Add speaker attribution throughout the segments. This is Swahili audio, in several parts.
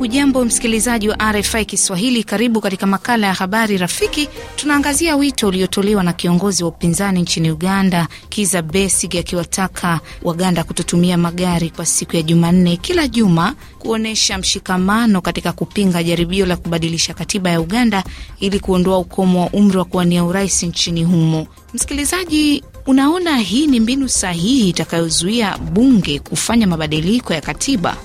Speaker 1: Hujambo msikilizaji wa RFI Kiswahili, karibu katika makala ya habari rafiki. Tunaangazia wito uliotolewa na kiongozi wa upinzani nchini Uganda, Kiza Besigye, akiwataka Waganda kutotumia magari kwa siku ya Jumanne kila juma kuonyesha mshikamano katika kupinga jaribio la kubadilisha katiba ya Uganda ili kuondoa ukomo wa umri wa kuwania urais nchini humo. Msikilizaji, unaona hii ni mbinu sahihi itakayozuia bunge kufanya mabadiliko ya katiba?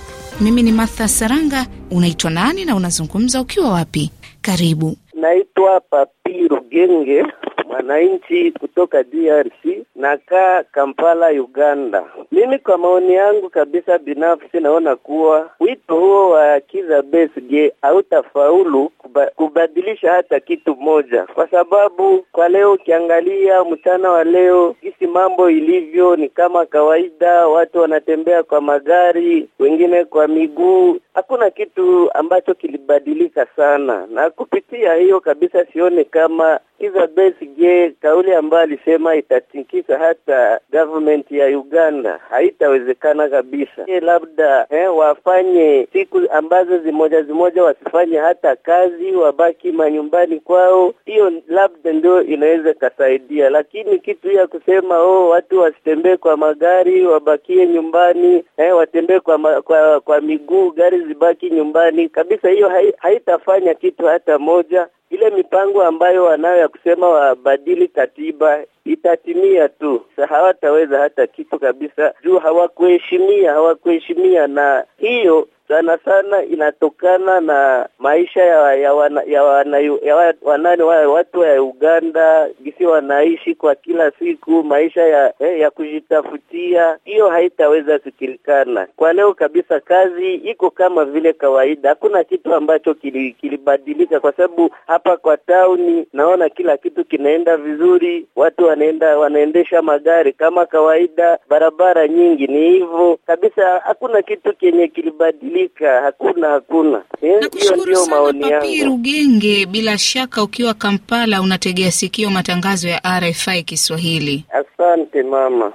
Speaker 1: Mimi ni Martha Saranga. Unaitwa nani na unazungumza ukiwa wapi? Karibu.
Speaker 2: Naitwa Papi Rugenge, mwananchi kutoka DRC nakaa Kampala, Uganda. Mimi kwa maoni yangu kabisa binafsi, naona kuwa wito huo wa Kiza Besigye hautafaulu kuba, kubadilisha hata kitu moja, kwa sababu kwa leo ukiangalia mchana wa leo jinsi mambo ilivyo, ni kama kawaida, watu wanatembea kwa magari, wengine kwa miguu. Hakuna kitu ambacho kilibadilika sana, na kupitia hiyo kabisa sione kama Kiza Besigye kauli ambayo alisema itatikisa hata government ya Uganda haitawezekana kabisa. E, labda eh, wafanye siku ambazo zimoja zimoja wasifanye hata kazi, wabaki manyumbani kwao. Hiyo labda ndio inaweza ikasaidia, lakini kitu ya kusema oh, watu wasitembee kwa magari wabakie nyumbani eh, watembee kwa, kwa, kwa miguu, gari zibaki nyumbani kabisa, hiyo haitafanya kitu hata moja ile mipango ambayo wanayo ya kusema wabadili katiba itatimia tu, hawataweza hata kitu kabisa, juu hawakuheshimia, hawakuheshimia, na hiyo sana sana inatokana na maisha ya, ya, wana, ya, wana, ya wana, watu wa Uganda gisi wanaishi kwa kila siku maisha ya, eh, ya kujitafutia. Hiyo haitaweza kukilikana kwa leo kabisa. Kazi iko kama vile kawaida, hakuna kitu ambacho kilibadilika kili, kwa sababu hapa kwa tauni naona kila kitu kinaenda vizuri, watu wanaenda wanaendesha magari kama kawaida, barabara nyingi ni hivyo kabisa, hakuna kitu kenye kilibadilika hakika hakuna hakuna. Eh, ndio maoni yangu. Papi
Speaker 1: Rugenge, bila shaka ukiwa Kampala unategea sikio matangazo ya RFI Kiswahili.
Speaker 3: Asante mama.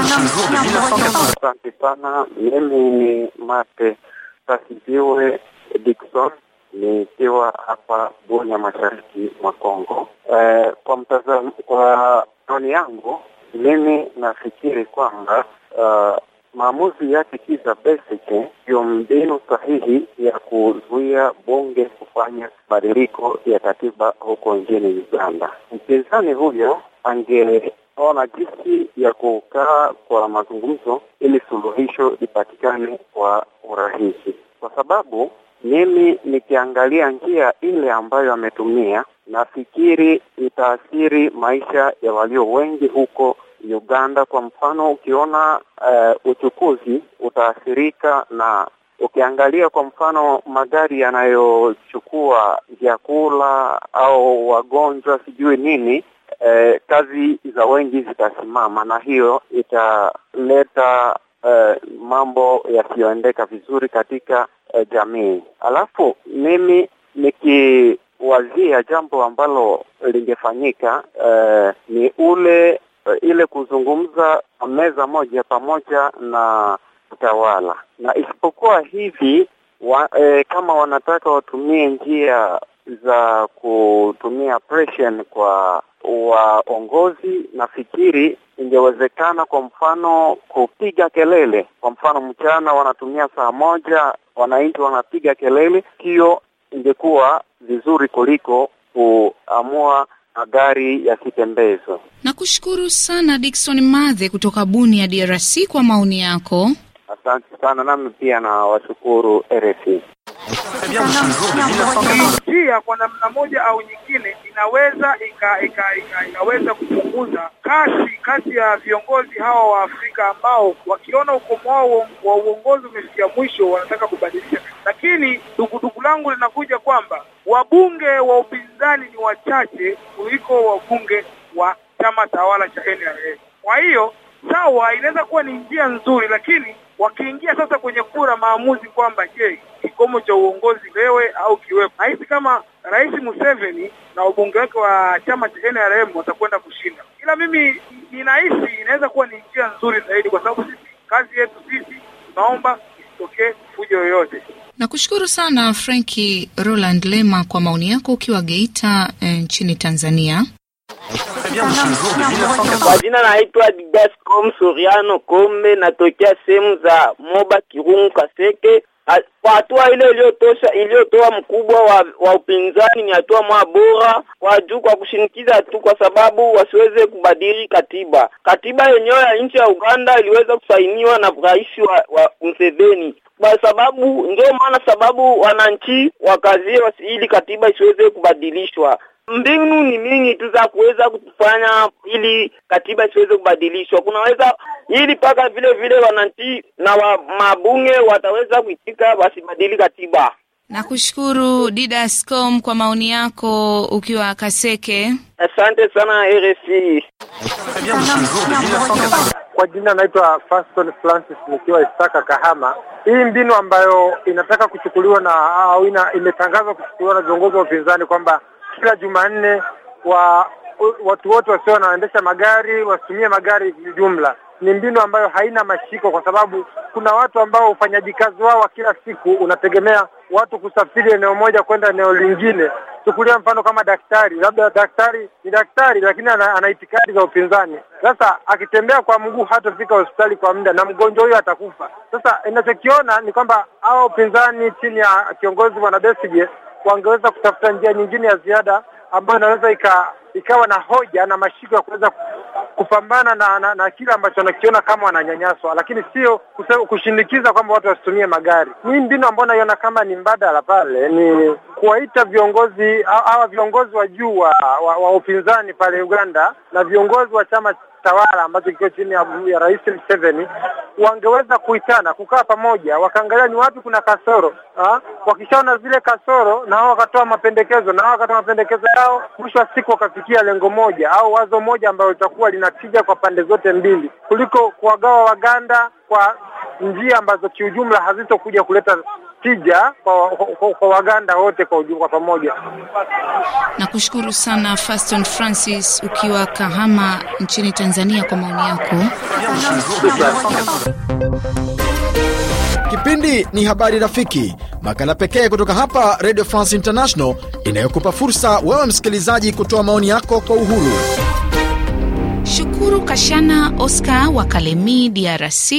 Speaker 3: Asante sana. Mimi ni Mate Sakiziwe Dickson nikiwa hapa Bunia, mashariki mwa Kongo. Eh, kwa mtazamo, kwa maoni yangu mimi nafikiri kwamba uh, maamuzi yake Kizza Besigye eh, ndio mbinu sahihi ya kuzuia bunge kufanya mabadiliko ya katiba huko nchini Uganda. Mpinzani huyo angeona jinsi ya kukaa kwa mazungumzo ili suluhisho lipatikane kwa urahisi, kwa sababu mimi nikiangalia njia ile ambayo ametumia, nafikiri itaathiri maisha ya walio wengi huko Uganda kwa mfano, ukiona uh, uchukuzi utaathirika, na ukiangalia kwa mfano magari yanayochukua vyakula au wagonjwa sijui nini uh, kazi za wengi zitasimama, na hiyo italeta uh, mambo yasiyoendeka vizuri katika uh, jamii. Alafu mimi niki wazia jambo ambalo lingefanyika uh, ni ule Eh, ile kuzungumza meza moja pamoja na utawala, na isipokuwa hivi wa, eh, kama wanataka watumie njia za kutumia pression kwa waongozi, nafikiri ingewezekana. Kwa mfano kupiga kelele, kwa mfano mchana wanatumia saa moja, wananchi wanapiga kelele, hiyo ingekuwa vizuri kuliko kuamua magari kitembezo
Speaker 1: Nakushukuru sana Dickson Madhe kutoka buni ya DRC, kwa maoni yako.
Speaker 3: Asante sana nami pia na washukuru RFI tabia njia kwa namna moja au nyingine inaweza ika, ika,
Speaker 4: ika, inaweza kupunguza kasi kati ya viongozi hawa wa Afrika ambao wakiona ukomo wao wa uongozi umefikia mwisho wanataka kubadilisha, lakini dukuduku langu linakuja kwamba wabunge wa upinzani ni wachache kuliko wabunge wa chama tawala cha NRA. Kwa hiyo sawa, inaweza kuwa ni njia nzuri, lakini wakiingia sasa kwenye kura maamuzi kwamba je, kikomo cha uongozi wewe au kiwepo. Nahisi kama Rais Museveni na wabunge wake wa chama cha NRM watakwenda kushinda, ila mimi ninahisi inaweza kuwa ni njia nzuri zaidi, kwa sababu sisi kazi yetu sisi tunaomba isitokee fujo yoyote.
Speaker 1: Nakushukuru sana Franki Roland Lema kwa maoni yako ukiwa Geita eh, nchini Tanzania.
Speaker 2: Kwa jina naitwa Didascom Soriano Kombe, natokea sehemu za Moba Kirungu Kaseke kwa hatua ile iliyotosha iliyotoa mkubwa wa, wa upinzani ni hatua mwa bora kwa juu kwa kushinikiza tu, kwa sababu wasiweze kubadili katiba. Katiba yenyewe ya nchi ya Uganda iliweza kusainiwa na rais wa, wa Museveni kwa sababu ndio maana sababu wananchi wakazie ili katiba isiweze kubadilishwa. Mbinu ni mingi tu za kuweza kufanya ili katiba isiweze kubadilishwa. Kunaweza ili mpaka vile vile wananchi na wa mabunge wataweza kuitika wasibadili katiba.
Speaker 1: Nakushukuru Didascom kwa maoni yako ukiwa Kaseke. Asante
Speaker 4: sana RFI. Kwa jina naitwa Faston Francis nikiwa Isaka Kahama. Hii mbinu ambayo inataka kuchukuliwa na au ina, imetangazwa kuchukuliwa na viongozi wa upinzani kwamba kila Jumanne wa watu wote wasio wanaendesha magari wasitumie magari jumla ni mbinu ambayo haina mashiko, kwa sababu kuna watu ambao ufanyaji kazi wao wa kila siku unategemea watu kusafiri eneo moja kwenda eneo lingine. Chukulia mfano kama daktari, labda daktari ni daktari, lakini ana, ana itikadi za upinzani. Sasa akitembea kwa mguu hatofika hospitali kwa muda, na mgonjwa huyo atakufa. Sasa inachokiona ni kwamba awa upinzani chini ya kiongozi Bwana Besigye wangeweza kutafuta njia nyingine ya ziada ambayo inaweza ika, ikawa na hoja na mashiko ya kuweza kupambana na, na, na kile ambacho wanakiona kama wananyanyaswa, lakini sio kushinikiza kwamba watu wasitumie magari. Mimi mbinu ambayo naiona kama ni mbadala pale ni kuwaita viongozi hawa viongozi wa juu wa, wa, wa upinzani pale Uganda na viongozi wa chama tawala ambacho kiko chini ya, ya Rais Museveni wangeweza kuitana kukaa pamoja, wakaangalia ni wapi kuna kasoro ha? Wakishaona zile kasoro, na hao wakatoa mapendekezo, na hao wakatoa mapendekezo yao, mwisho wa siku wakafikia lengo moja au wazo moja ambalo litakuwa linatija kwa pande zote mbili, kuliko kuwagawa Waganda kwa njia ambazo kiujumla hazitokuja kuleta tija kwa, kwa, kwa Waganda wote kwa ujumla pamoja.
Speaker 1: Nakushukuru sana Faston Francis ukiwa Kahama nchini Tanzania kwa maoni yako.
Speaker 3: Kipindi ni Habari Rafiki, makala pekee kutoka hapa Radio France International inayokupa fursa wewe msikilizaji kutoa maoni yako kwa uhuru.
Speaker 1: Shukuru Kashana Oscar wa Kalemi, DRC,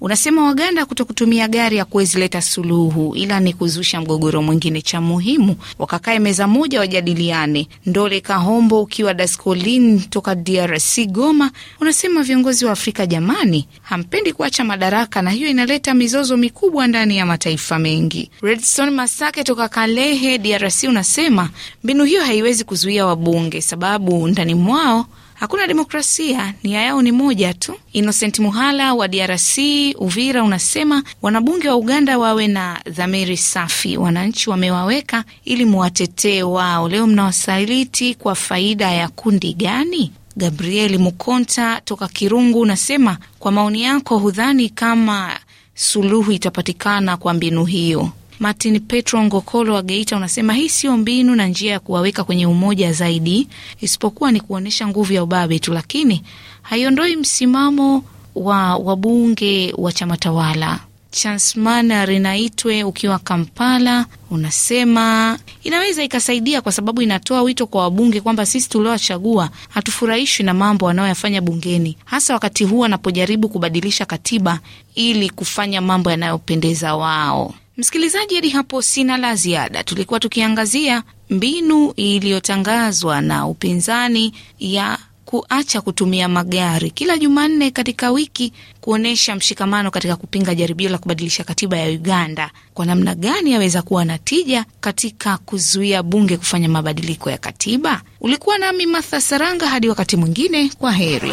Speaker 1: unasema Waganda kuto kutumia gari ya kuwezileta suluhu, ila ni kuzusha mgogoro mwingine. Cha muhimu wakakae meza moja, wajadiliane. Ndole Kahombo ukiwa Daskolin toka DRC, Goma, unasema viongozi wa Afrika jamani, hampendi kuacha madaraka na hiyo inaleta mizozo mikubwa ndani ya mataifa mengi. Redson Masake toka Kalehe, DRC, unasema mbinu hiyo haiwezi kuzuia wabunge, sababu ndani mwao hakuna demokrasia kufuatilia, nia yao ni moja tu. Innocent Muhala wa DRC Uvira unasema wanabunge wa Uganda wawe na dhamiri safi, wananchi wamewaweka ili muwatetee wao, leo mnawasaliti kwa faida ya kundi gani? Gabrieli Mukonta toka Kirungu unasema kwa maoni yako, hudhani kama suluhu itapatikana kwa mbinu hiyo. Martin Petro Ngokolo wa Geita unasema hii sio mbinu na njia ya kuwaweka kwenye umoja zaidi, isipokuwa ni kuonyesha nguvu ya ubabe tu, lakini haiondoi msimamo wa wabunge wa chama tawala. Chansmana Rinaitwe ukiwa Kampala unasema inaweza ikasaidia kwa sababu inatoa wito kwa wabunge kwamba sisi tuliowachagua hatufurahishwi na mambo wanayoyafanya bungeni, hasa wakati huu wanapojaribu kubadilisha katiba ili kufanya mambo yanayopendeza wao. Msikilizaji, hadi hapo sina la ziada. Tulikuwa tukiangazia mbinu iliyotangazwa na upinzani ya kuacha kutumia magari kila Jumanne katika wiki kuonyesha mshikamano katika kupinga jaribio la kubadilisha katiba ya Uganda. Kwa namna gani yaweza kuwa na tija katika kuzuia bunge kufanya mabadiliko ya katiba? Ulikuwa nami matha Saranga, hadi wakati mwingine, kwa heri.